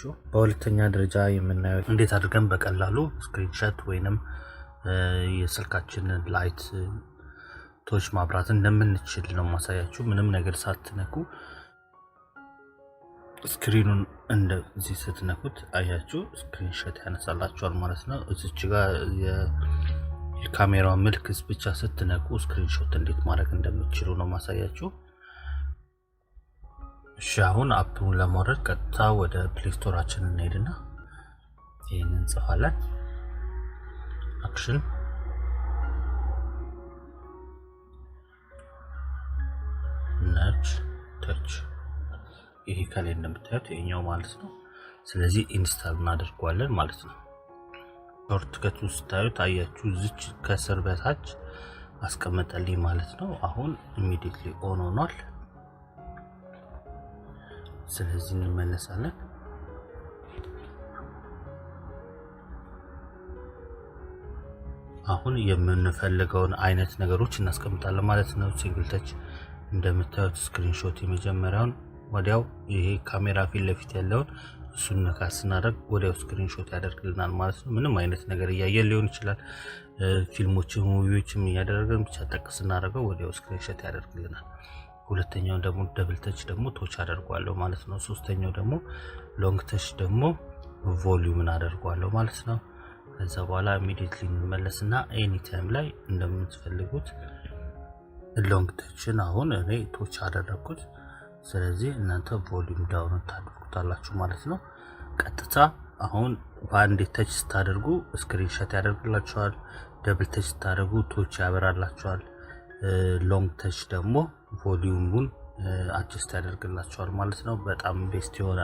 ናቸው። በሁለተኛ ደረጃ የምናየው እንዴት አድርገን በቀላሉ ስክሪንሾት ወይንም የስልካችንን ቶች ማብራት እንደምንችል ነው ማሳያችሁ። ምንም ነገር ሳትነኩ ስክሪኑን እንደዚህ ስትነኩት አያችሁ ስክሪንሾት ያነሳላችኋል ማለት ነው። እዚች ጋር የካሜራው ምልክት ብቻ ስትነኩ ስክሪንሾት እንዴት ማድረግ እንደምችሉ ነው ማሳያችሁ። እሺ አሁን አፕሩን ለማውረድ ቀጥታ ወደ ፕሌስቶራችን እንሄድና ይህን እንጽፋለን። አክሽን ነች ተች። ይሄ ከላይ እንደምታዩት ይሄኛው ማለት ነው። ስለዚህ ኢንስታል እናደርገዋለን ማለት ነው። ሾርት ከቱ ስታዩት አያችሁ፣ ዝች ከስር በታች አስቀመጠልኝ ማለት ነው። አሁን ኢሚዲየትሊ ኦን ሆኗል። ስለዚህ እንመለሳለን። አሁን የምንፈልገውን አይነት ነገሮች እናስቀምጣለን ማለት ነው። ሲንግልተች እንደምታዩት ስክሪንሾት የመጀመሪያውን ወዲያው ይሄ ካሜራ ፊት ለፊት ያለውን እሱን ነካ ስናደርግ ወዲያው ስክሪንሾት ያደርግልናል ማለት ነው። ምንም አይነት ነገር እያየን ሊሆን ይችላል። ፊልሞችም ሙቪዎችም እያደረገን ብቻ ጠቅ ስናደርገው ወዲያው ስክሪንሾት ያደርግልናል። ሁለተኛውን ደግሞ ደብል ተች ደግሞ ቶች አደርጓለሁ ማለት ነው። ሶስተኛው ደግሞ ሎንግ ተች ደግሞ ቮሊዩምን አደርጓለሁ ማለት ነው። ከዛ በኋላ ኢሚዲየትሊ እንመለስና ኤኒ ታይም ላይ እንደምትፈልጉት ሎንግ ተችን አሁን እኔ ቶች አደረግኩት። ስለዚህ እናንተ ቮሊዩም ዳውን ታደርጉታላችሁ ማለት ነው። ቀጥታ አሁን በአንድ ተች ስታደርጉ ስክሪንሾት ያደርግላችኋል። ደብል ተች ስታደርጉ ቶች ያበራላችኋል። ሎንግ ተች ደግሞ ቮሊዩሙን አጅስት ያደርግላቸዋል ማለት ነው። በጣም ቤስት የሆነ